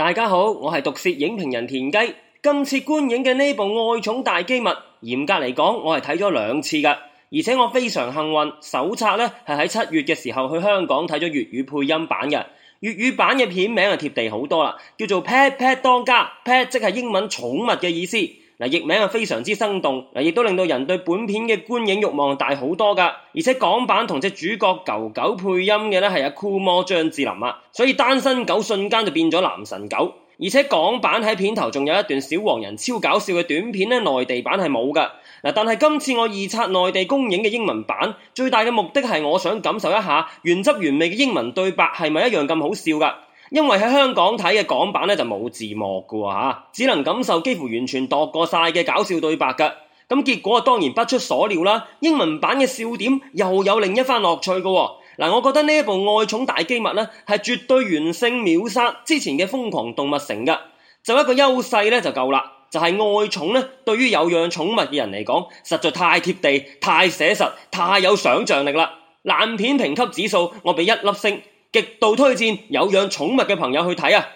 大家好，我係毒舌影評人田雞。今次觀影嘅呢部《愛寵大機密》，嚴格嚟講，我係睇咗兩次㗎，而且我非常幸運，首次呢係喺七月嘅時候去香港睇咗粵語配音版嘅。粵語版嘅片名啊貼地好多啦，叫做 Pet Pet 當家，Pet 即係英文寵物嘅意思。嗱，譯名啊非常之生動，嗱，亦都令到人對本片嘅觀影慾望大好多㗎。而且港版同隻主角狗狗配音嘅咧係阿酷魔張智霖啊，所以單身狗瞬間就變咗男神狗。而且港版喺片頭仲有一段小黃人超搞笑嘅短片咧，內地版係冇嘅。嗱，但係今次我二刷內地公映嘅英文版，最大嘅目的係我想感受一下原汁原味嘅英文對白係咪一樣咁好笑㗎。因為喺香港睇嘅港版咧就冇字幕嘅喎，只能感受幾乎完全度過曬嘅搞笑對白嘅。咁結果啊當然不出所料啦，英文版嘅笑點又有另一番樂趣嘅。嗱，我覺得呢部《愛寵大機密》呢，係絕對完勝秒殺之前嘅《瘋狂動物城》嘅。就一個優勢咧就夠啦，就係、是、愛寵呢。對於有養寵物嘅人嚟講實在太貼地、太寫實、太有想像力啦。爛片評級指數我俾一粒星。極度推薦有養寵物嘅朋友去睇啊！